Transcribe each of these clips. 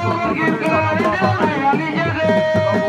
Thank you.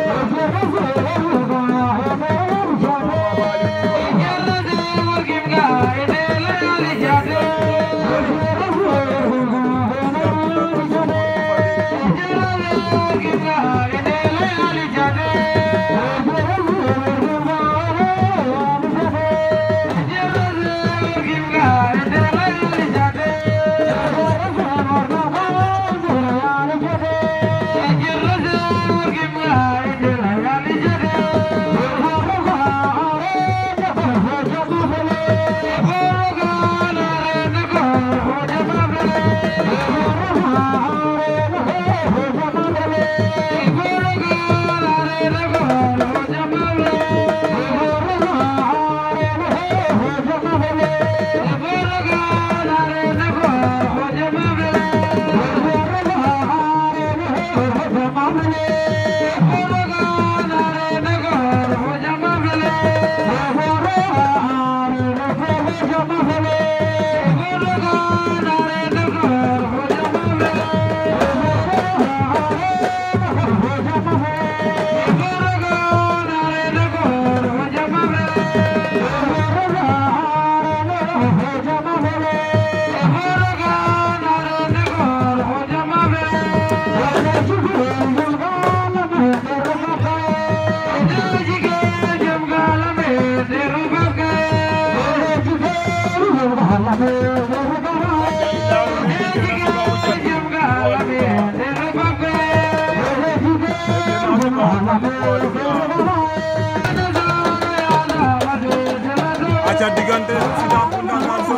ca diggante Fida bu Ndangaan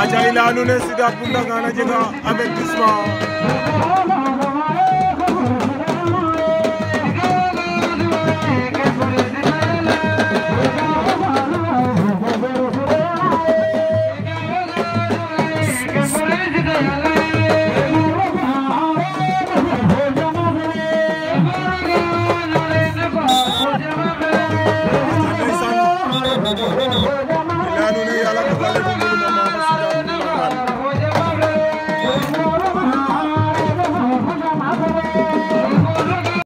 aca i leya nuun ne Sidath bu Ndangane a jega avertissement